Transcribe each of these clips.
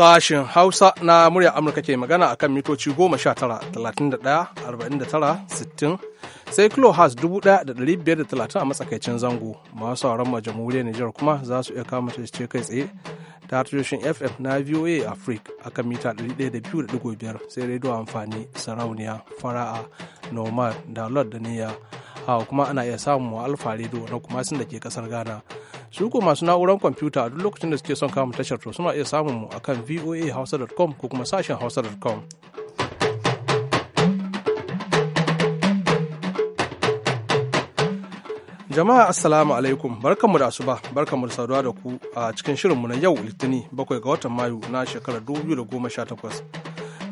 Sashen Hausa na murya Amurka ke magana a kan mitoci 19-31-49-60 sai kilohas 1,530 a matsakaicin zango masu sauran ma jamhuriyar Nijar kuma za su iya kama ce kai tsaye ta tashoshin ff na VOA Africa a kan mita 102.5 sai rediyo amfani sarauniya fara'a nomad da lord da niyya hawa kuma ana iya samun alfa rediyo na kuma sun da ke kasar Ghana. su ko masu na'urar kwamfuta duk lokacin da suke son kama tashar to suna iya samun mu akan voahausa.com ko kuma sashen hausa.com jama'a assalamu alaikum barkanmu da asuba barkanmu da saduwa da ku a cikin shirinmu na yau litini bakwai ga watan mayu na shekarar 2018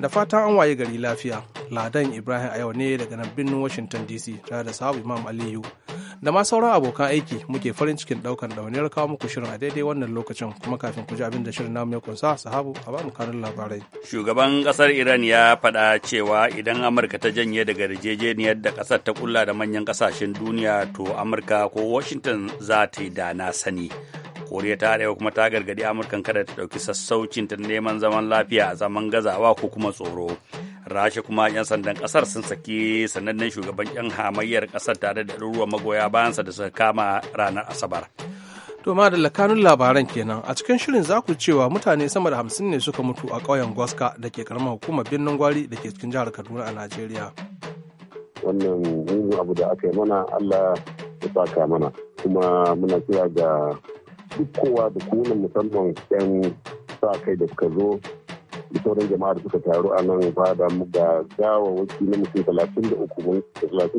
da fatan an waye gari lafiya ladan ibrahim a yau ne daga nan birnin washington dc tare da sahabu imam aliyu da ma sauran abokan aiki muke farin cikin daukan dauniyar kawo muku shirin a daidai wannan lokacin kuma kafin ku ji abin da shirin namu ya kunsa sahabu a ba mu kanin labarai shugaban kasar iran ya faɗa cewa idan amurka ta janye daga yarjejeniyar da kasar ta kulla da manyan kasashen duniya to amurka ko washington za ta yi da na sani koriya ta arewa kuma ta gargadi amurkan kada ta ɗauki sassaucin ta neman zaman lafiya a zaman gazawa ko kuma tsoro rasha kuma 'yan sandan kasar sun saki sanannen shugaban 'yan hamayyar kasar tare da ruwa magoya bayan sa da suka kama ranar asabar To ma da labaran kenan a cikin shirin za ku cewa mutane sama da hamsin ne suka mutu a ƙauyen Gwaska da ke karamar hukumar birnin Gwari da ke cikin jihar Kaduna a Najeriya. Wannan abu da aka yi mana Allah ya saka mana kuma muna kira ga dukkowa da kuna musamman 'yan sa kai da suka zo da sauran jama'a da suka taru a nan da mu ga wasu na mutum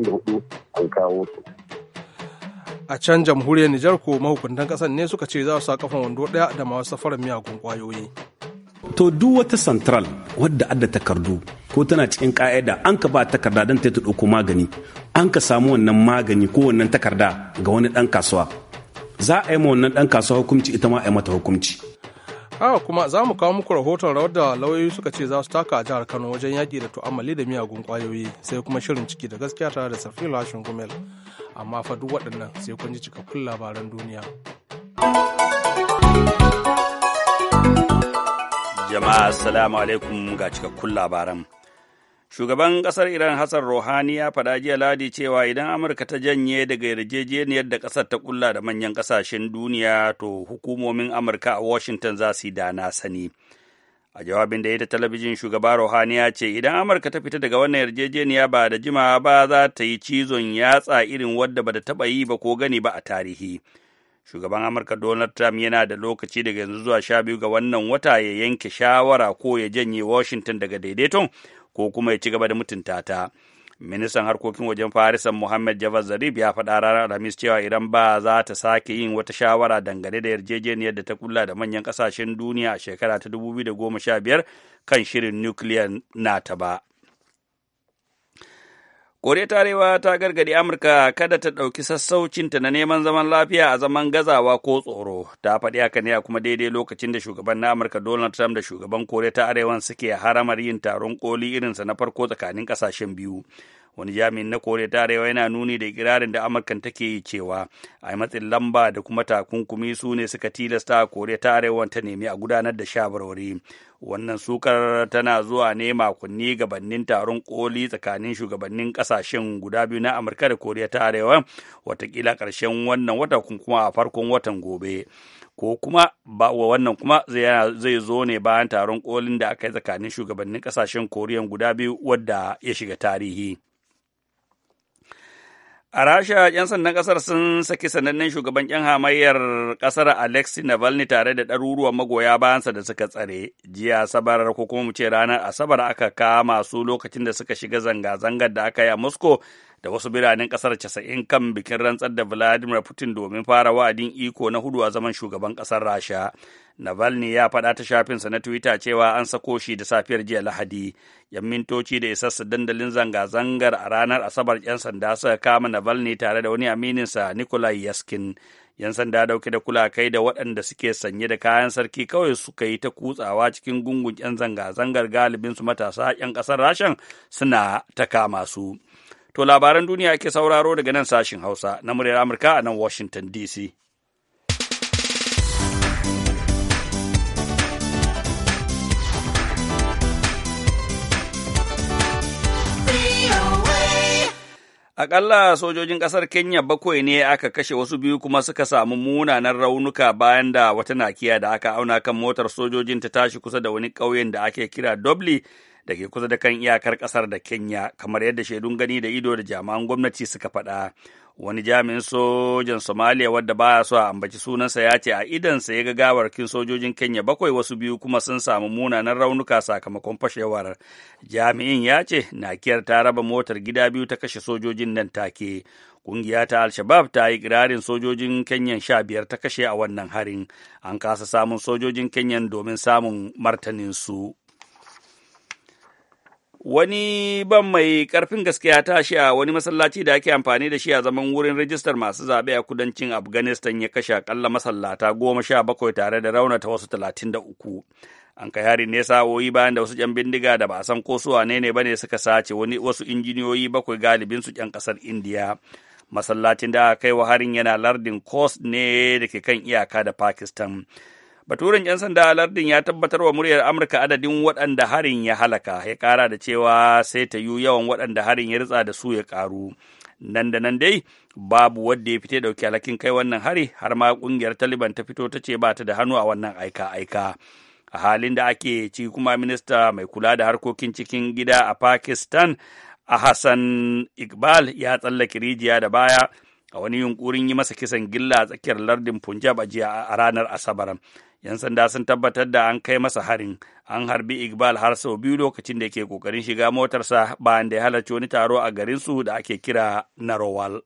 hudu an kawo su. A can jamhuriyar Nijar ko mahukuntan kasan ne suka ce za su sa kafan wando daya da masu safarar miyagun kwayoyi. To duk wata central wadda adda takardu ko tana cikin ka'ida an ka ba takarda don ta dauko magani an ka samu wannan magani ko wannan takarda ga wani dan kasuwa za a yi ma wannan ɗan kasuwa hukunci ita ma a yi mata hukunci. Ah, kuma za mu kawo muku rahoton rawar da lauyoyi suka ce za su taka a jihar Kano wajen yaƙi da tu'ammali da miyagun ƙwayoyi sai kuma shirin ciki da gaskiya tare da Safiru Hashin Gumel. Amma fa duk waɗannan sai kun ji cikakkun labaran duniya. Jama'a salamu alaikum ga cikakkun labaran. Shugaban ƙasar Iran Hassan Rouhani ya faɗa jiya Ladi cewa idan Amurka ta janye daga yarjejeniyar da ƙasar ta kulla da manyan ƙasashen duniya to hukumomin Amurka a Washington za su yi da na sani. A jawabin da ya ta talabijin shugaba Rouhani ya ce idan Amurka ta fita daga wannan yarjejeniya ba da jima ba za ta yi cizon yatsa irin wadda ba da taɓa yi ba ko gani ba a tarihi. shugaban amurka donald trump yana da lokaci daga yanzu zuwa sha biyu ga wannan wata ya yanke shawara ko ya janye washington daga daidaiton ko kuma ya ci gaba da mutunta ta ministan harkokin wajen farisan muhammad javad zarif ya faɗa ranar alhamis cewa idan ba za ta sake yin wata shawara dangane da yarjejeniyar da ta kulla da manyan ƙasashen duniya a shekara ta 2015 kan shirin nukiliyar nata ba Koriya ta Arewa ta gargaɗi Amurka kada ta ɗauki sassaucinta na neman zaman lafiya a zaman gazawa ko tsoro. Ta faɗi haka ne a kuma daidai lokacin da shugaban na Amurka Donald Trump da shugaban Koriya ta Arewan suke haramar yin taron koli irinsa na farko tsakanin ƙasashen biyu. Wani jami'in na Koriya ta Arewa yana nuni da ikirarin da Amurka take yi cewa a matsin lamba da kuma takunkumi su ne suka tilasta Koriya ta Arewa ta nemi a gudanar da shawarwari. wannan sukar tana zuwa ne makonni gabannin taron koli tsakanin shugabannin kasashen guda biyu na amurka da koriya ta arewa watakila karshen wannan wata kuma a farkon watan gobe ko kuma ba wa wannan kuma zai zo ne bayan taron kolin da aka yi tsakanin shugabannin kasashen koriyan guda biyu wadda ya shiga tarihi A Rasha, ‘yan sandan ƙasar sun saki sanannen shugaban ‘yan hamayyar ƙasar Alexei Navalny tare da ɗaruruwan magoya bayansa da suka tsare. Jiya Asabar ko kuma mu ce ranar Asabar aka kama su lokacin da suka shiga zanga-zangar da aka yi a Moscow da wasu biranen ƙasar casa'in kan bikin rantsar da Vladimir Putin domin fara wa'adin iko na hudu a zaman shugaban ƙasar Rasha. Navalny ya faɗa ta shafinsa na Twitter cewa an sako shi da safiyar jiya Lahadi. ‘Yan mintoci da isassa dandalin zanga-zangar a ranar Asabar ‘yan sanda suka kama Navalny tare da wani amininsa Nikolai Yaskin. ‘Yan sanda dauke da kulakai da waɗanda suke sanye da kayan sarki kawai suka yi ta kutsawa cikin gungun ‘yan zanga-zangar galibinsu matasa ‘yan ƙasar rashen suna ta kama su. To labaran duniya ke sauraro daga nan sashin Hausa na muryar Amurka a nan Washington DC. Aƙalla sojojin ƙasar Kenya bakwai ne aka kashe wasu biyu kuma suka samu munanan raunuka bayan da wata nakiya da aka auna kan motar sojojin ta tashi kusa da wani ƙauyen da ake kira Dobli da ke kusa da kan iyakar ƙasar da Kenya, kamar yadda shaidun gani da ido da jami'an gwamnati suka faɗa. wani jami'in sojan somaliya wadda baya so a ambaci sunansa ya ce a idansa ya ga gawarkin sojojin kenya bakwai wasu biyu kuma sun samu munanan raunuka sakamakon fashewar jami'in ya ce nakiyar ta raba motar gida biyu ta kashe sojojin nan take kungiya ta al-shabab ta yi kirarin sojojin kenyan sha biyar ta kashe a wannan harin an kasa samun sojojin kenyan domin samun martaninsu. su wani ban mai karfin gaskiya ta shi a wani masallaci da ake amfani da shi a zaman wurin rijistar masu zaɓe a kudancin afghanistan ya kashe akalla masallata goma sha bakwai tare da raunata wasu talatin da uku an kai harin ne sa'o'i bayan da wasu yan bindiga da ba a san ko su wane ne bane suka sace wani wasu injiniyoyi bakwai galibin su yan kasar indiya masallacin da aka kai wa harin yana lardin coast ne da ke kan iyaka da pakistan Baturin 'yan sanda lardin ya tabbatar wa muryar Amurka adadin waɗanda harin ya halaka, ya ƙara da cewa sai ta yi yawan waɗanda harin ya ritsa da su ya ƙaru. Nan da nan dai, babu wadda ya fite dauki alhakin kai wannan hari, har ma kungiyar Taliban ta fito ta ce ba ta da hannu a wannan aika-aika. A halin da ake ci kuma minista mai kula da harkokin cikin gida a Pakistan, a Hassan Iqbal ya tsallake rijiya da baya a wani yunkurin yi masa kisan gilla a tsakiyar lardin punjab a jiya a ranar asabar yan sanda sun tabbatar da an kai masa harin an harbi iqbal har sau biyu lokacin da ke kokarin shiga motarsa bayan da ya halarci wani taro a garin su da ake kira narowal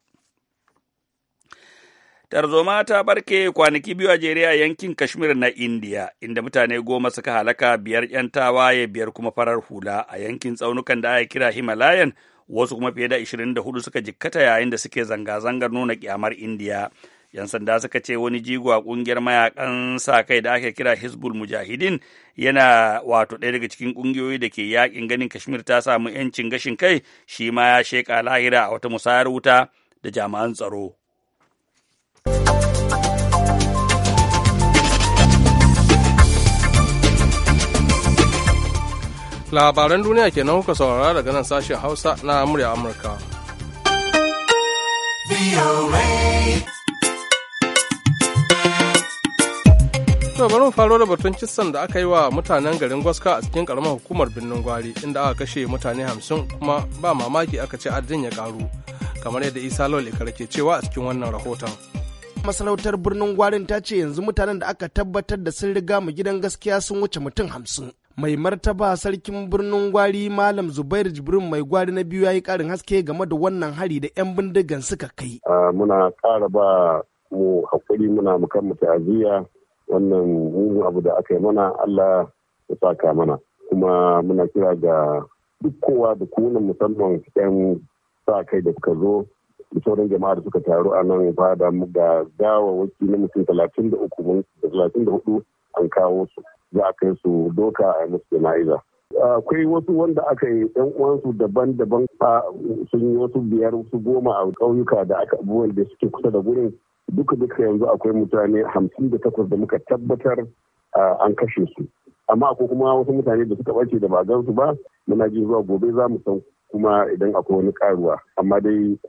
tarzoma ta barke kwanaki biyu a jere a yankin kashmir na indiya inda mutane goma suka halaka biyar yan tawaye biyar kuma farar hula a yankin tsaunukan da aka kira himalayan wasu kuma fiye da 24 suka jikkata yayin da suke zanga-zangar nuna kyamar indiya yan sanda suka ce wani jigo a kungiyar mayakan sa kai da ake kira hizbul mujahidin yana wato ɗaya daga cikin ƙungiyoyi da ke yakin ganin kashmir ta samu yancin gashin kai shi ma ya sheka lahira a wata musayar wuta da jami'an tsaro labaran duniya kenan kuka saurara daga nan sashen hausa na murya amurka to bari mu faro da batun kisan da aka yi wa mutanen garin gwaska a cikin karamar hukumar birnin gwari inda aka kashe mutane hamsin kuma ba mamaki aka ce adadin ya karu kamar yadda isa lawal ikar ke cewa a cikin wannan rahoton masarautar birnin gwarin ta ce yanzu mutanen da aka tabbatar da sun riga mu gidan gaskiya sun wuce mutum hamsin mai martaba sarkin birnin gwari malam zubairu jibrin mai gwari na biyu ya yi karin haske game da wannan hari da 'yan bindigan suka kai muna kara ba mu hakuri muna mukan mu ta'aziyya wannan mugun abu da aka yi mana allah ya saka mana kuma muna kira ga duk kowa da kuna musamman 'yan sa kai da suka zo da sauran jama'a da suka taru a nan fada mu ga gawawaki na mutum talatin da uku an kawo su za a kai su doka a musu jana'iza akwai wasu wanda aka yi yan uwansu daban-daban sun yi wasu biyar su goma a ƙauyuka da aka abubuwan da suke kusa da gurin duka duka yanzu akwai mutane hamsin da takwas da muka tabbatar an kashe su amma akwai kuma wasu mutane da suka ɓace da ba su ba muna ji zuwa gobe za mu san kuma idan akwai wani karuwa amma dai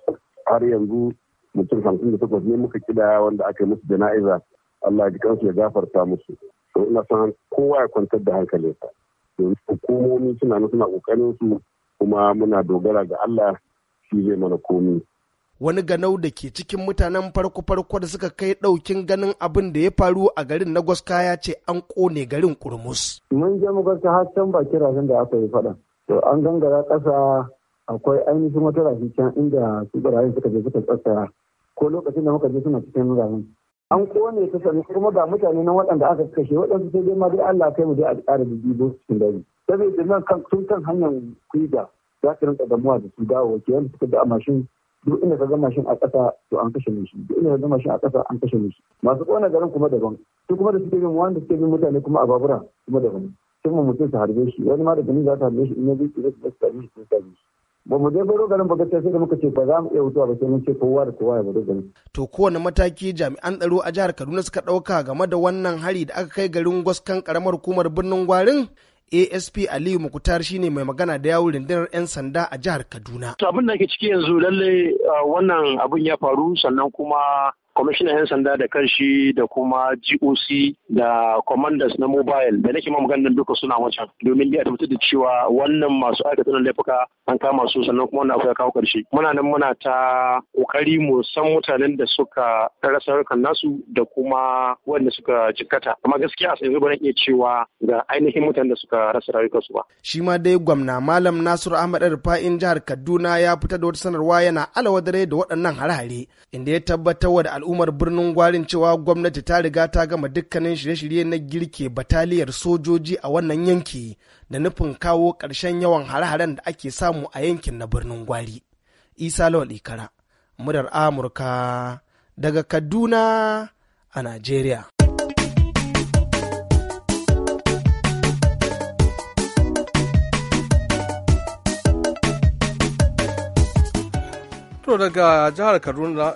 har yanzu mutum hamsin da takwas ne muka kida wanda aka yi musu jana'iza Allah ya ji kansu ya gafarta musu to ina kowa ya kwantar da hankalinsa domin hukumomi suna nan suna kokarin su kuma muna dogara ga Allah shi zai mana komi wani ganau da ke cikin mutanen farko-farko da suka kai ɗaukin ganin abin da ya faru a garin na gwaska ya ce an kone garin kurmus. Mun je gwaska har can baki rafin da aka yi faɗa. To an gangara ƙasa akwai ainihin wata rafi can inda su barayin suka je suka tsaya ko lokacin da muka je suna cikin rafin. an kone ta sani kuma ga mutane nan waɗanda aka kashe waɗansu sai dai ma dai Allah kai mu dai a ƙara da jibo cikin dare saboda nan kan tun kan hanyar kuida za ta rinka damuwa da su dawo ke yanzu suka da mashin duk inda ka ga mashin a ƙasa to an kashe mishi duk inda ka ga mashin a ƙasa an kashe mishi masu ƙona garin kuma daban su kuma da suke bin wanda suke bin mutane kuma a babura kuma daban Sun mu mutum su harbe shi wani ma da gani za ta harbe shi in ya bi su zai su harbe shi sun harbe shi ba mu dai baro garin ba sai da muka ce ba za mu iya wutuwa ba sai mun ce kowa da kowa ya baro garin. To kowane mataki jami'an tsaro a jihar Kaduna suka ɗauka game da wannan hari da aka kai garin gwaskan karamar hukumar birnin Gwarin? ASP Aliyu Mukutar shine mai magana da yawun rundunar 'yan sanda a jihar Kaduna. Abin da ke ciki yanzu lalle ah, wannan abin ya faru sannan kuma kwamishinan 'yan sanda da kanshi da kuma GOC da commanders na mobile da nake ma maganar duka suna wancan domin dai a tabbatar da cewa wannan masu aikata na laifuka an kama su sannan kuma wannan abu ya kawo karshe muna nan muna ta kokari mu san mutanen da suka rasa harkar nasu da kuma wanda suka jikkata amma gaskiya a sanyi ba iya cewa ga ainihin mutanen da suka rasa su ba shi ma dai gwamna malam Nasiru Ahmad Rufa'in jihar Kaduna ya fitar da wata sanarwa yana alawadare da waɗannan hare-hare inda ya tabbatar da al'ummar birnin gwarin cewa gwamnati ta riga ta gama dukkanin shirye-shirye na girke bataliyar sojoji a wannan yanki da nufin kawo ƙarshen yawan hare-haren da ake samu a yankin na birnin gwari. Isa Lawal Ikara, murar Amurka daga Kaduna a Najeriya. To daga jihar Kaduna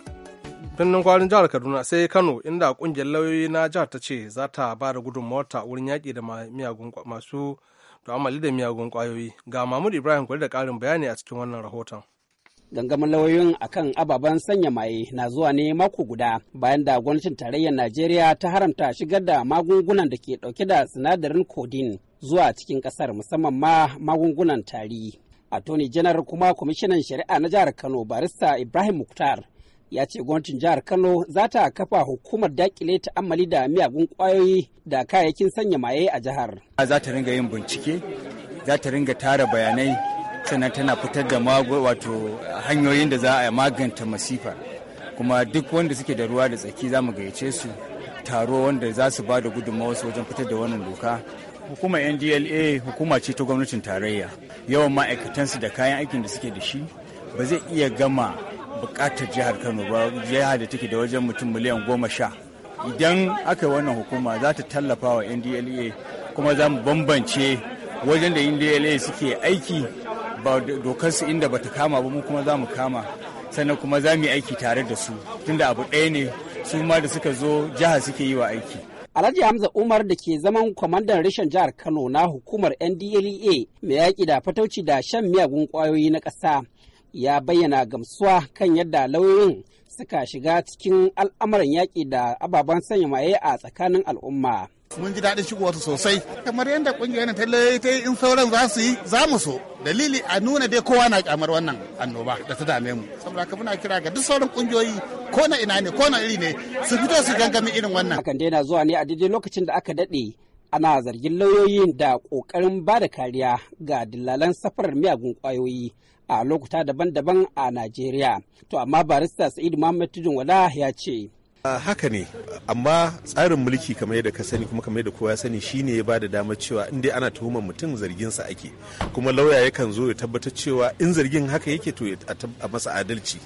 birnin kwarin jihar kaduna sai kano inda kungiyar lauyoyi na jihar ta ce za ta ba da gudunmawarta wurin yaƙi da miyagun masu amali da miyagun kwayoyi ga mahmud ibrahim kwari da ƙarin bayani a cikin wannan rahoton gangamin lauyoyin akan ababen sanya maye na zuwa ne mako guda bayan da gwamnatin tarayyar najeriya ta haramta shigar da magungunan da ke dauke da sinadarin codeine zuwa cikin kasar musamman ma magungunan tari attorney janar kuma kwamishinan shari'a na jihar kano barista ibrahim muktar ya ce gwamnatin jihar Kano za ta kafa hukumar dakile ta'ammali da miyagun kwayoyi da kayayyakin sanya maye a jihar. Za ta ringa yin bincike, za ta ringa tara bayanai sannan tana fitar da wato hanyoyin da za a maganta masifa. Kuma duk wanda suke da ruwa da tsaki za mu gayyace su taro wanda za su ba da su wajen fitar da wannan doka hukumar ndla hukuma ce ta gwamnatin tarayya yawan ma'aikatansu da kayan aikin da suke da shi ba zai iya gama bukatar jihar kano ba jiha da take da wajen mutum miliyan goma sha idan aka yi wannan hukuma za ta tallafa wa ndla kuma za mu bambance wajen da ndla suke aiki ba dokarsu inda ba ta kama ba mu kuma za mu kama sannan kuma za mu yi aiki tare da su tunda abu ɗaya ne su ma da suka zo jiha suke yi wa aiki Alhaji Hamza Umar da ke zaman kwamandan rashin jihar Kano na hukumar NDLEA mai yaƙi da fatauci da shan miyagun ƙwayoyi na ƙasa ya bayyana gamsuwa kan yadda lauyoyin suka shiga cikin al'amuran yaƙi da ababen sanya maye a tsakanin al'umma. mun ji daɗin wata sosai kamar yadda ƙungiyar ta ta in sauran za su yi za mu so dalili a nuna dai kowa na kyamar wannan annoba da ta dame mu saboda ka muna kira ga duk sauran ƙungiyoyi ko na ina ne ko na iri ne su fito su gangami irin wannan hakan dai na zuwa ne a daidai lokacin da aka daɗe ana zargin lauyoyin da ƙoƙarin ba da kariya ga dillalan safarar miyagun ƙwayoyi a lokuta daban-daban a najeriya to amma barista sa'id muhammad tijin wala ya ce ah, haka ne amma tsarin mulki kamar yadda ka sani kuma kamar yadda kowa ya sani shine ya bada damar cewa in dai ana tuhumar mutum zargin sa ake kuma lauya yakan zo ya tabbatar cewa in zargin haka yake to a masa adalci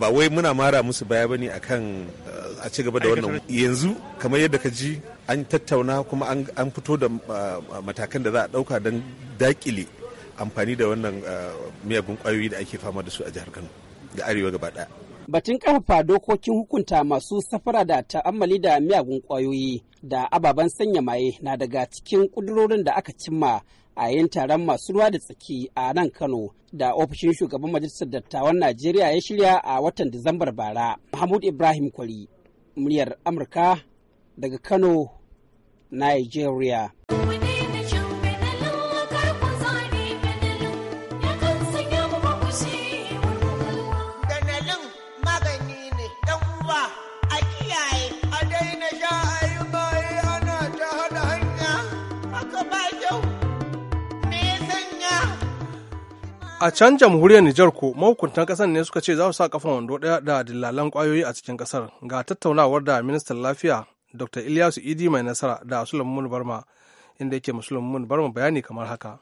ba wai muna mara musu baya bane akan uh, a ci gaba da wannan yanzu kamar yadda ka ji an tattauna kuma an fito da uh, matakan da za a dauka don dakile amfani da wannan uh, miyagun kwayoyi da ake fama da su a jihar Kano da arewa gaba daya batun karfafa dokokin hukunta masu safara da ta'ammali da miyagun kwayoyi da ababen sanya maye na daga cikin kudurorin da aka cimma a yayin taron masu ruwa da tsaki a nan Kano da ofishin shugaban majalisar dattawan Najeriya ya shirya a watan Disambar bara. Mahmud Ibrahim Kwari, muryar Amurka daga Kano, Nigeria. a can jamhuriyar Nijar ko mahukuntan kasar ne suka ce za su sa kafan wando ɗaya da dillalan kwayoyi a cikin kasar ga tattaunawar da ministan lafiya Dr. Ilyasu Idi mai nasara da Sulaiman Barma inda yake Sulaiman Barma bayani kamar haka.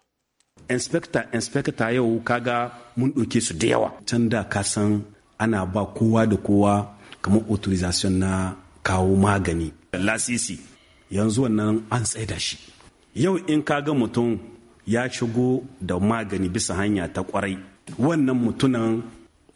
Inspector inspector yau kaga mun ɗauke su da yawa. Can da ka san ana ba kowa da kowa kamar authorization na kawo magani lasisi yanzu wannan an tsaida shi. Yau in ka ga mutum ya shigo da magani bisa hanya ta kwarai wannan mutunan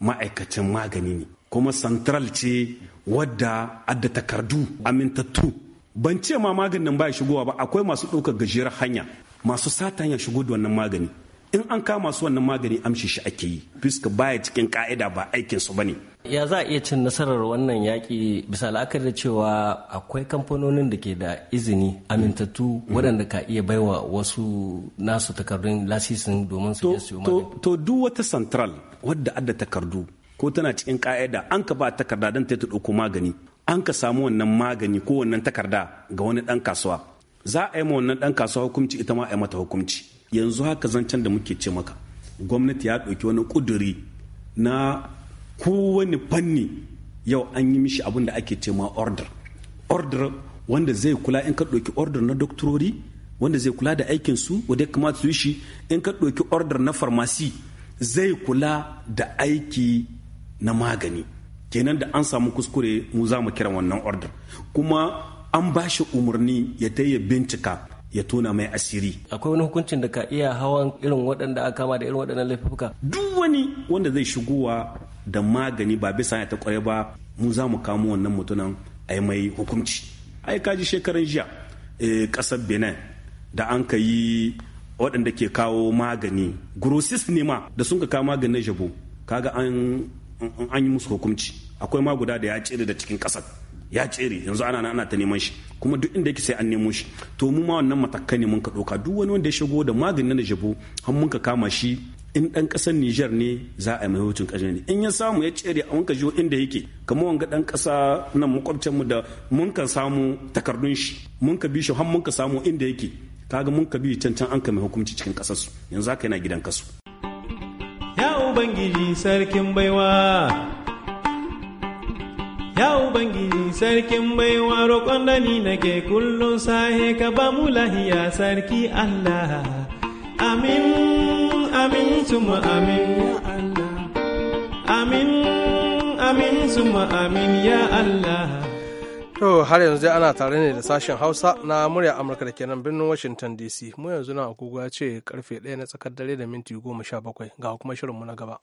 ma'aikacin magani ne kuma central ce wadda adda takardu amintattu ban ce ma maganin ba ya shigowa ba akwai masu ɗaukar gajiyar hanya masu satan ya shigo da wannan magani in an kama su wannan magani amshi shi ake yi fuska baya cikin ka'ida ba aikin su bane ya za a iya cin nasarar wannan yaƙi bisa la'akari da cewa akwai kamfanonin da ke da izini amintattu mm-hmm. waɗanda ka iya baiwa wasu nasu takardun lasisin domin su su magani to duk wata central wadda adda takardu ko tana cikin ka'ida an ka ba takarda don ta ɗauko magani an ka samu wannan magani ko wannan takarda ga wani ɗan kasuwa za a yi ma wannan ɗan kasuwa hukunci ita ma a yi mata hukunci yanzu haka zancen da muke ce maka gwamnati ya ɗauki wani ƙuduri na kowane fanni yau an yi mishi abin da ake ce ma order order wanda zai kula in ka ɗauki order na doktorori wanda zai kula da aikin su wanda ya kamata su yi shi in ka ɗauki order na farmasi zai kula da aiki na magani kenan da an samu kuskure mu za mu kiran wannan order kuma an ba shi umarni ya ta yi bincika ya tona mai asiri akwai wani hukuncin da ka iya hawan irin waɗanda aka kama da irin waɗannan laifuka duk wani wanda zai shigowa da magani ba bisa ya ta kware ba mu za mu kamo wannan mutumin a yi mai hukunci ai kaji shekaran jiya Kasar eh, benin da an ka yi waɗanda ke kawo magani grossist ne ma da sun ka kawo maganin na jabo kaga an yi musu hukunci akwai ma guda da ya cire da cikin ƙasar ya tsere yanzu ana ana ta neman shi kuma duk inda yake sai an nemo shi to mu ma wannan matakai ne mun ka doka duk wani wanda ya shigo da maganin na jabo har mun ka kama shi in dan kasar Niger ne za a yi mai hutun kasar ne in ya samu ya tsere a wanka jiwo inda yake kamar wanga dan kasa nan makwabcin mu da mun ka samu takardun shi mun ka bi shi har mun ka samu inda yake kaga mun ka bi can an ka mai hukunci cikin kasar su yanzu haka yana gidan kasu ya ubangiji sarkin baiwa Ya Ubangiji sarkin baiwa roƙon da nake kullum sahe ka ba mu lahiya sarki Allah. Amin, amin, tuma amin ya Allah. Amin, amin, amin ya Allah. To har yanzu dai ana tare ne da sashen Hausa na murya Amurka da kenan birnin Washington DC. Mu yanzu na agogo ya ce karfe 1 na tsakar dare da minti sha 17 ga kuma shirin mu na gaba.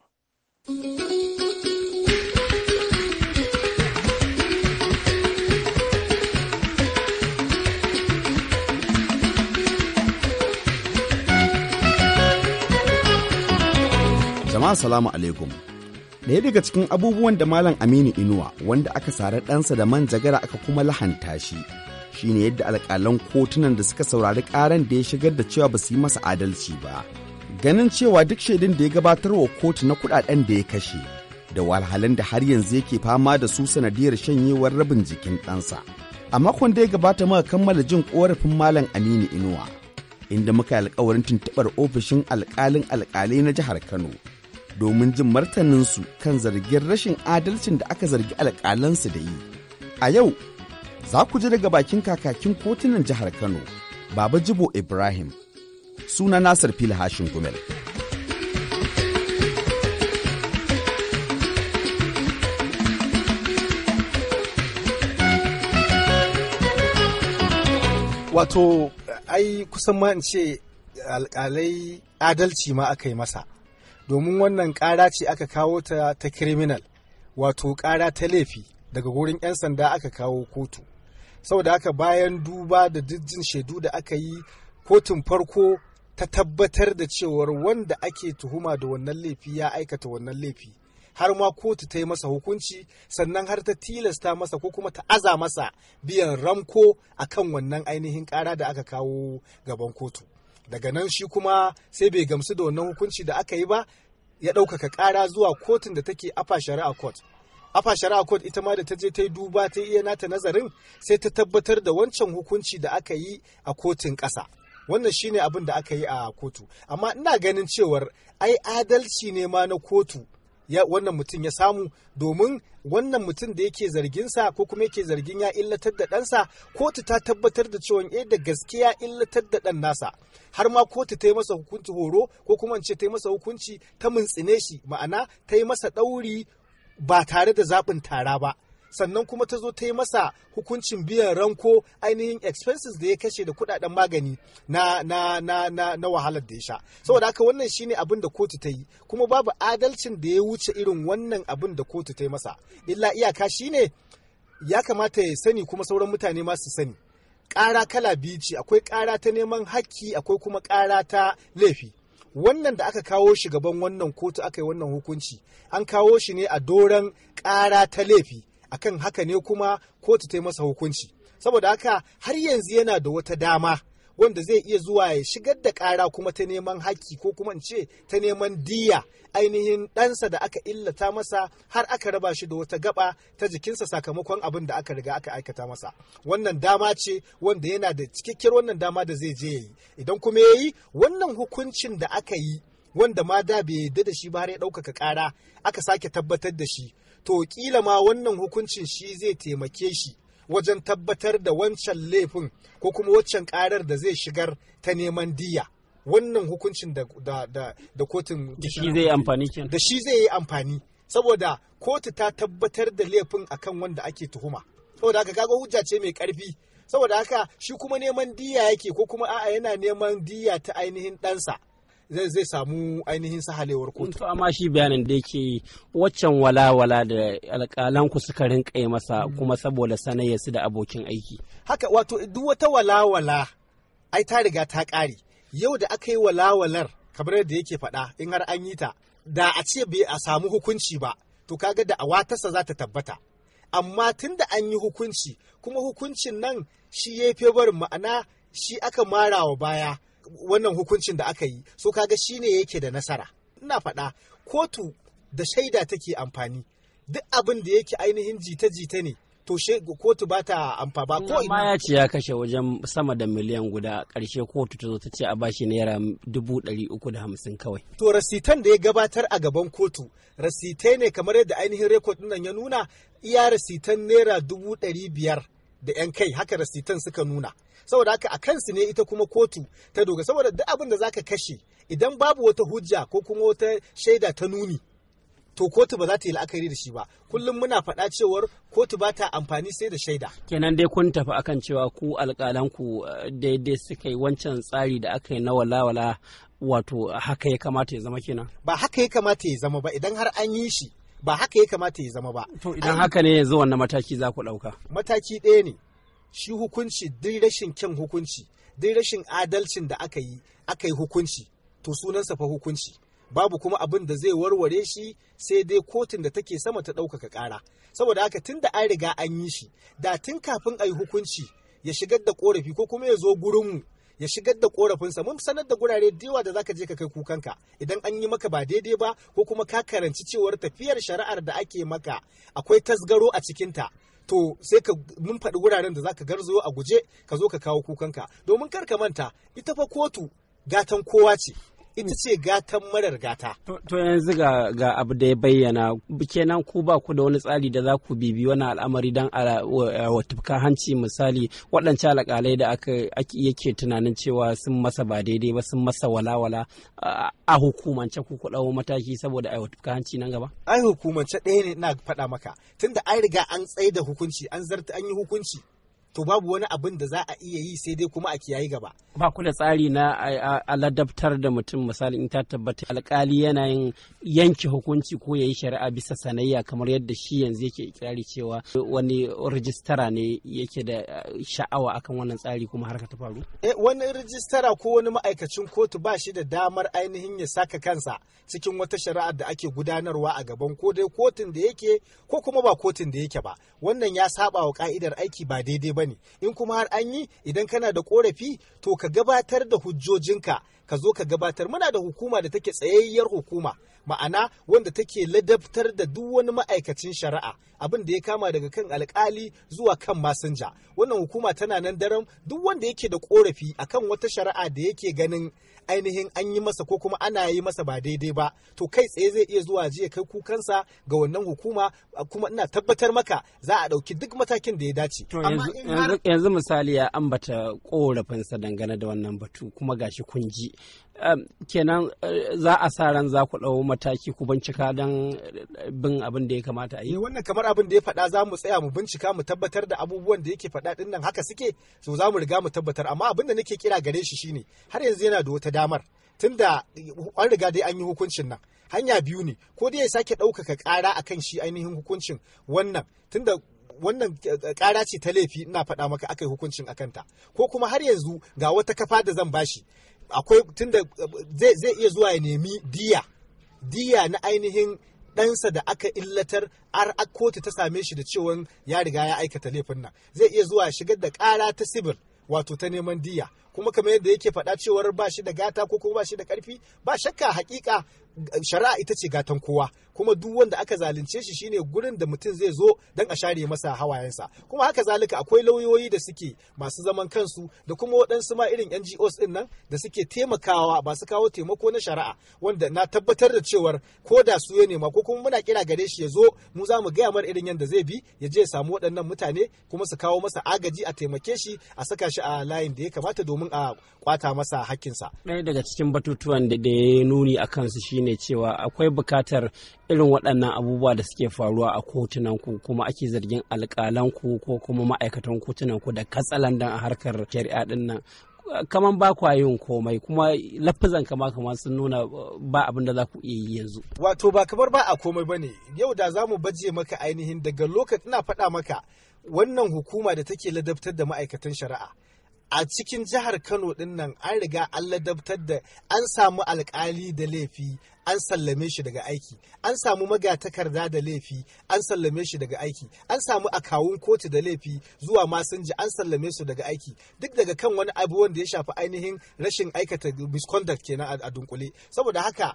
jama'a salamu alaikum ɗaya daga cikin abubuwan da malam aminu inuwa wanda aka sare ɗansa da manjagara aka kuma lahanta shi shine yadda alƙalan kotunan da suka saurari ƙaran da ya shigar da cewa ba su yi masa adalci ba ganin cewa duk shaidun da ya gabatar wa kotu na kuɗaɗen da ya kashe da wahalhalun da har yanzu yake fama da su sanadiyar shanyewar rabin jikin ɗansa a makon da ya gabata muka kammala jin ƙorafin malam aminu inuwa inda muka yi alƙawarin tuntuɓar ofishin alƙalin alƙalai na jihar kano domin jin martaninsu kan zargin rashin adalcin da aka zargi alƙalansu da yi. A yau, za ku ji daga bakin kakakin kotunan jihar Kano, Baba Jibo Ibrahim, suna Nasir Fili Hashin Gumel. Wato, ai kusan ma in ce alƙalai adalci ma aka yi masa. domin wannan ƙara ce aka kawo ta ta kiriminal wato ƙara ta laifi daga wurin 'yan sanda aka kawo kotu saboda haka bayan duba da jin shaidu da aka yi kotun farko ta tabbatar da cewar wanda ake tuhuma da wannan laifi ya aikata wannan laifi har ma kotu ta yi masa hukunci sannan har ta tilasta masa ko kuma ta aza masa biyan ramko akan wannan ainihin kara da aka kawo gaban kotu daga nan shi kuma sai bai gamsu da wannan hukunci da aka yi ba ya ɗaukaka ƙara zuwa kotun da take afa shari'a court afa shari'a court ita ma da ta je ta yi duba ta iya nata nazarin sai ta tabbatar da wancan hukunci da aka yi a kotun ƙasa wannan shine abin da aka yi a kotu amma ina ganin cewar ai adalci ne ma na kotu wannan mutum ya samu domin wannan mutum da yake zarginsa ko kuma yake zargin ya illatar da ɗansa kotu ta tabbatar da cewa eh da gaskiya illatar da ɗan nasa har ma kotu ta yi masa hukunci horo ko kuma ce ta yi masa hukunci ta mintsine shi ma'ana ta yi masa ɗauri ba tare da zaɓin tara ba sannan kuma ta zo ta yi masa hukuncin biyan ranko ainihin expenses da ya kashe da kudaden magani na na na na, na wahalar da ya sha saboda haka wannan shine abin da kotu ta yi kuma babu adalcin da ya wuce irin wannan abin da kotu ta yi masa illa iyaka shine ya kamata ya sani kuma sauran mutane ma su sani ƙara kala biyu ce akwai ƙara ta neman hakki akwai kuma ƙara ta laifi wannan da aka kawo shi gaban wannan kotu aka yi wannan hukunci an kawo shi ne a doron ƙara ta laifi akan haka ne kuma kotu ta yi masa hukunci saboda haka har yanzu yana da wata dama wanda zai iya zuwa ya shigar da kara kuma ta neman haƙi ko kuma in ce ta neman diya ainihin ɗansa da aka illata masa har aka raba shi da wata gaba ta jikinsa sakamakon abin da aka riga aka aikata masa wannan dama ce wanda yana da cikakkiyar wannan dama da zai je ya yi idan kuma ya yi wannan hukuncin da aka yi wanda ma da bai yadda da shi ba har ya ɗaukaka ƙara aka sake tabbatar da shi to ƙila ma wannan hukuncin shi zai taimake shi wajen tabbatar da wancan laifin ko kuma waccan ƙarar da zai shigar ta neman diya wannan hukuncin da, da, da, da kotun da shi zai amfani da shi zai yi amfani saboda kotu ta tabbatar da laifin akan wanda ake tuhuma saboda haka kaga hujja ce mai karfi saboda haka shi kuma neman diya yake ko kuma a'a yana neman diya ta ainihin ɗansa zai samu ainihin sahalewar kotu. amma shi bayanin da yake waccan walawala da alƙalan ku suka rinka yi masa hmm. kuma saboda sanayya su da abokin aiki. Haka wato duk wata walawala ai ta riga ta ƙare yau da aka yi walawalar kamar yadda yake faɗa in har an yi ta da a ce bai a samu hukunci ba to kaga da awatarsa za ta tabbata. Amma tun da an yi hukunci kuma hukuncin nan shi ya fi barin ma'ana shi aka mara wa baya wannan hukuncin da aka yi so kaga shi ne yake da nasara ina faɗa kotu da shaida take amfani duk abin da yake ainihin jita-jita ne to she kotu ba ta amfa ba ko ina ya ce ya kashe wajen sama da miliyan guda karshe kotu ta zo ta ce a bashi naira dubu ɗari uku da hamsin kawai to rasitan da ya gabatar a gaban kotu rasitai ne kamar yadda ainihin rekod nan ya nuna iya rasitan naira dubu ɗari biyar da 'yan kai haka rasitan suka nuna saboda haka a kansu ne ita kuma kotu ta doga saboda duk abin da zaka kashe idan babu wata hujja ko kuma wata shaida ta nuni to kotu ba za ta yi la'akari da shi ba kullum muna faɗa cewar kotu ba ta amfani sai da shaida kenan dai kun tafi akan cewa ku alƙalan ku eh, daidai suka yi wancan tsari da aka yi na walawala wato haka ya kamata ya zama kenan ba haka ya kamata ya zama ba idan har an yi shi ba haka ya kamata ya zama ba to idan haka ne yanzu wannan mataki za ku ɗauka mataki ɗaya ne shi hukunci duk rashin kyan hukunci duk rashin adalcin da aka yi aka yi hukunci to sunansa fa hukunci babu kuma abin da zai warware shi sai dai kotun da take sama ta ɗaukaka ƙara saboda haka tun da an riga an yi shi da tun kafin a yi hukunci ya shigar da ƙorafi ko kuma ya zo gurinmu ya shigar da korafinsa mun sanar da gurare da yawa da zaka je ka kai kukanka idan an yi maka ba daidai ba ko kuma ka karanci cewar tafiyar shari'ar da ake maka akwai tasgaro a cikinta to sai ka mun faɗi wuraren da zaka garzo a guje ka zo ka kawo kukanka domin kar ka manta ita fa kotu gatan kowa ce ita ce gatan marar gata. To yanzu ga abu da ya bayyana kenan ku ba ku da wani tsari da za ku bibi wani al'amari don watufka hanci misali waɗancan alƙalai da yake tunanin cewa sun masa ba daidai ba sun masa walawala a hukumance ku ku ɗau mataki saboda a watufka hanci nan gaba. Ai hukumance ɗaya ne ina faɗa maka tunda an riga an tsaida da hukunci an zarta an yi hukunci to babu wani abin da za a iya yi sai dai kuma a kiyayi gaba ba ku tsari na aladabtar da mutum misali in ta tabbata alkali yana yin yanke hukunci ko ya yi shari'a bisa sanayya kamar yadda shi yanzu yake ikirari cewa wani rijistara ne yake da sha'awa akan wannan tsari kuma harka ta faru eh wani rijistara ko wani ma'aikacin kotu ba shi da damar ainihin ya saka kansa cikin wata shari'a da ake gudanarwa a gaban ko dai kotun da yake ko kuma ba kotun da yake ba wannan ya saba wa ka'idar aiki ba daidai ba bane in kuma har an yi idan kana da korafi to ka gabatar da hujjojinka ka zo ka gabatar muna da hukuma da take tsayayyar hukuma ma'ana wanda take ladabtar da duk wani ma'aikacin shari'a abin da ya kama daga kan alkali zuwa kan masinja wannan hukuma tana nan daren duk wanda yake da korafi akan wata shari'a da yake ganin ainihin an yi masa ko kuma ana yi masa ba daidai ba to kai tsaye zai iya zuwa jiya kai kukansa ga wannan hukuma kuma ina tabbatar maka za a ɗauki duk matakin da ya dace. yanzu misali ya ambata korafinsa dangane da wannan batu kuma gashi kun ji kenan eh, za a sa ran za ku ɗau mataki ku bincika don eh, bin abin da ya kamata a yi. Eh, wannan kamar abin da ya faɗa za mu tsaya mu bincika mu tabbatar da abubuwan da yake faɗa ɗin nan haka suke so za mu riga mu tabbatar amma abin da nake kira gare shi shine har yanzu yana da wata damar tunda an riga dai an yi hukuncin nan hanya biyu ne ko dai ya sake ɗaukaka ƙara akan shi ainihin hukuncin wannan tunda wannan kara ce ta laifi ina faɗa maka aka yi hukuncin akanta ko kuma har yanzu ga wata kafa da zan bashi akwai tunda zai iya zuwa ya nemi diya diya na ainihin ɗansa da aka illatar har kotu ta same shi da cewa ya riga ya aikata laifin nan zai iya zuwa shigar da ƙara ta sibil wato ta neman diya kuma kamar yadda yake faɗa cewar ba shi da gata ko kuma ba shi da ƙarfi ba shakka hakika eh, shari'a ita ce gatan kowa kuma duk wanda aka zalunce shi shine gurin da mutum zai zo don a share masa hawayensa kuma haka zalika akwai lauyoyi da suke masu zaman kansu da kuma waɗansu ma irin NGOs din nan da suke taimakawa ba su kawo taimako na shari'a wanda na tabbatar da cewar ko da su ya nema ko kuma muna kira gare shi ya zo mu za mu gaya mar irin yadda zai bi ya je ya samu waɗannan mutane kuma su kawo masa agaji a taimake shi a saka shi a layin da ya kamata domin domin a kwata masa hakkinsa. Ɗaya daga cikin batutuwan da ya nuni a kansu shine cewa akwai bukatar irin waɗannan abubuwa da suke faruwa a kotunanku kuma ake zargin alƙalanku ko kuma ma'aikatan kotunanku da katsalandan a harkar shari'a ɗin nan. kaman ba kwa yin komai kuma lafizan kama kama sun nuna uh, ba abin da za ku iya yi yanzu. Wato ba kamar ba a komai bane yau da za mu baje maka ainihin daga lokacin ina faɗa maka wannan hukuma da take ladabtar da ma'aikatan shari'a a cikin jihar kano din nan an riga an ladabtar da an samu alkali da laifi an sallame shi daga aiki an samu magatakarda da laifi an sallame shi daga aiki an samu akawun kotu da laifi zuwa masinji an sallame su daga aiki duk daga kan wani abu wanda ya shafi ainihin rashin aikata misconduct kenan a dunkule saboda haka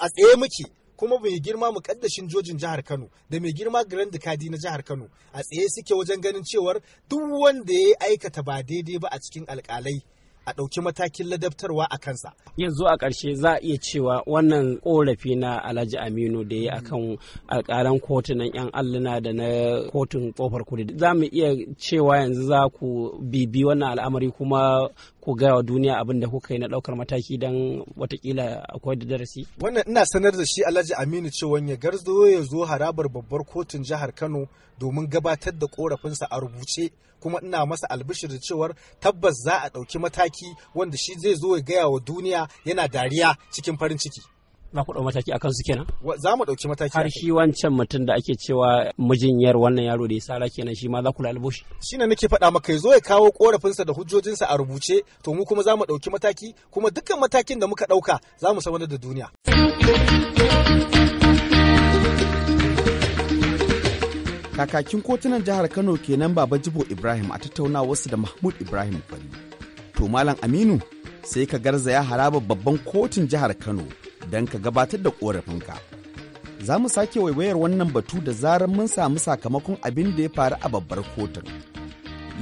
a tsaye muke kuma mai girma mukaddashin jojin jihar Kano da mai girma Grand Kadi na jihar Kano a tsaye suke wajen ganin cewar duk wanda ya aikata ba daidai ba a cikin alkalai a ɗauki matakin ladabtarwa a kansa. Yanzu a ƙarshe za a iya cewa wannan ƙorafi na Alhaji Aminu da ya akan alƙalan kotunan 'yan alluna da na kotun ƙofar kudu za mu iya cewa yanzu za ku bibi wannan al'amari kuma ku gaya wa duniya abin da kuka yi na ɗaukar mataki don watakila akwai da darasi? Wannan ina sanar da shi Alhaji Aminu cewa ya garzo ya zo harabar babbar kotun jihar Kano domin gabatar da korafinsa a rubuce kuma ina masa albishir da cewar tabbas za a ɗauki mataki wanda shi zai zo ya gaya wa duniya yana dariya cikin farin ciki. za ku ɗau mataki akan su kenan za mu ɗauki mataki har shi wancan mutum da ake cewa mijinyar wannan yaro da ya sara kenan shi ma za ku lalubo shi ne nake faɗa maka ya zo ya kawo korafinsa da hujjojinsa a rubuce to mu kuma za mu ɗauki mataki kuma dukkan matakin da muka ɗauka za mu samar da duniya kakakin kotunan jihar kano kenan baba jibo ibrahim a tattauna wasu da mahmud ibrahim bari to malam aminu sai ka garza ya haraba babban kotun jihar kano don ka gabatar da korafinka Za mu sake waiwayar wannan batu da zarar mun samu sakamakon abin da ya faru a babbar kotun.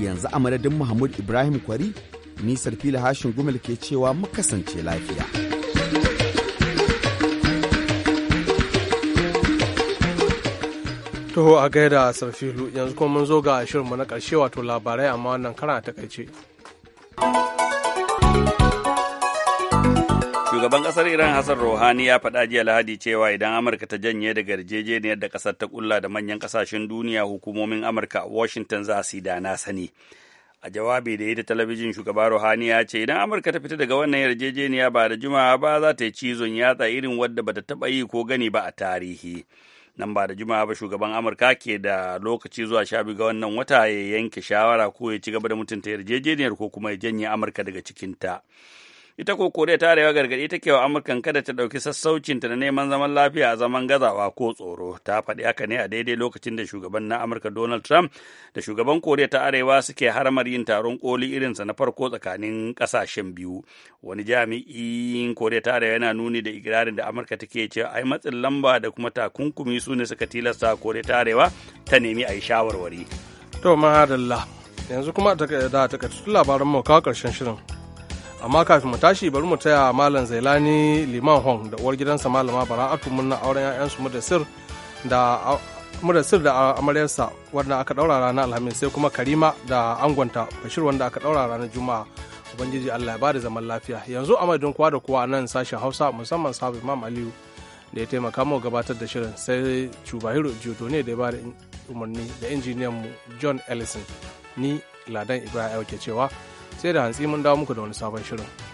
Yanzu a madadin Muhammad Ibrahim Kwari, ni Sarfila Hashin Gumel ke cewa mu kasance lafiya. Toho a gaida a Sarfilu yanzu kuma mun zo ga shirinmu na ƙarshe wato labarai amma wannan kara a takaice. Shugaban kasar Iran Hassan Rouhani ya faɗa jiya Lahadi cewa idan Amurka ta janye daga yarjejeniyar da kasar ta kulla da manyan kasashen duniya hukumomin Amurka a Washington za su yi da na sani. A jawabi da ya ta talabijin shugaba Rouhani ya ce idan Amurka ta fita daga wannan yarjejeniya ba da jimawa ba za ta yi cizon yatsa irin wadda ta taɓa yi ko gani ba a tarihi. nan ba da juma'a ba shugaban amurka ke da lokaci zuwa sha ga wannan wata ya yanke shawara ko ya ci gaba da mutunta yarjejeniyar ko kuma ya janye amurka daga cikinta ita ko koriya ta rewa gargaɗi ta wa amurkan kada ta ɗauki sassaucinta da neman zaman lafiya a zaman gazawa ko tsoro ta faɗi haka ne a daidai lokacin da shugaban na amurka donald trump da shugaban koriya ta arewa suke haramar yin taron koli irinsa na farko tsakanin ƙasashen biyu wani jami'in koriya ta arewa yana nuni da ikirarin da amurka take cewa ai matsin lamba da kuma takunkumi su ne suka tilasta koriya ta arewa ta nemi a yi shawarwari to yanzu kuma da takaitattun labaran mu kawo karshen shirin amma kafin mu tashi bari mu taya malam zailani liman hong da uwar gidansa malama bara bara'atu murna auren 'ya'yansu mudassir da sir da amaryarsa wanda aka daura ranar alhamis sai kuma karima da angonta bashir wanda aka daura ranar juma'a ubangiji allah ya bada zaman lafiya yanzu a madadin kowa da kowa nan sashen hausa musamman sabu imam aliyu da ya taimaka mu gabatar da shirin sai cubahiro jiyoto ne da ya bada umarni da injiniyan mu john ellison ni ladan ibrahim ke cewa sai da hantsi mun dawo muku da wani sabon shirin.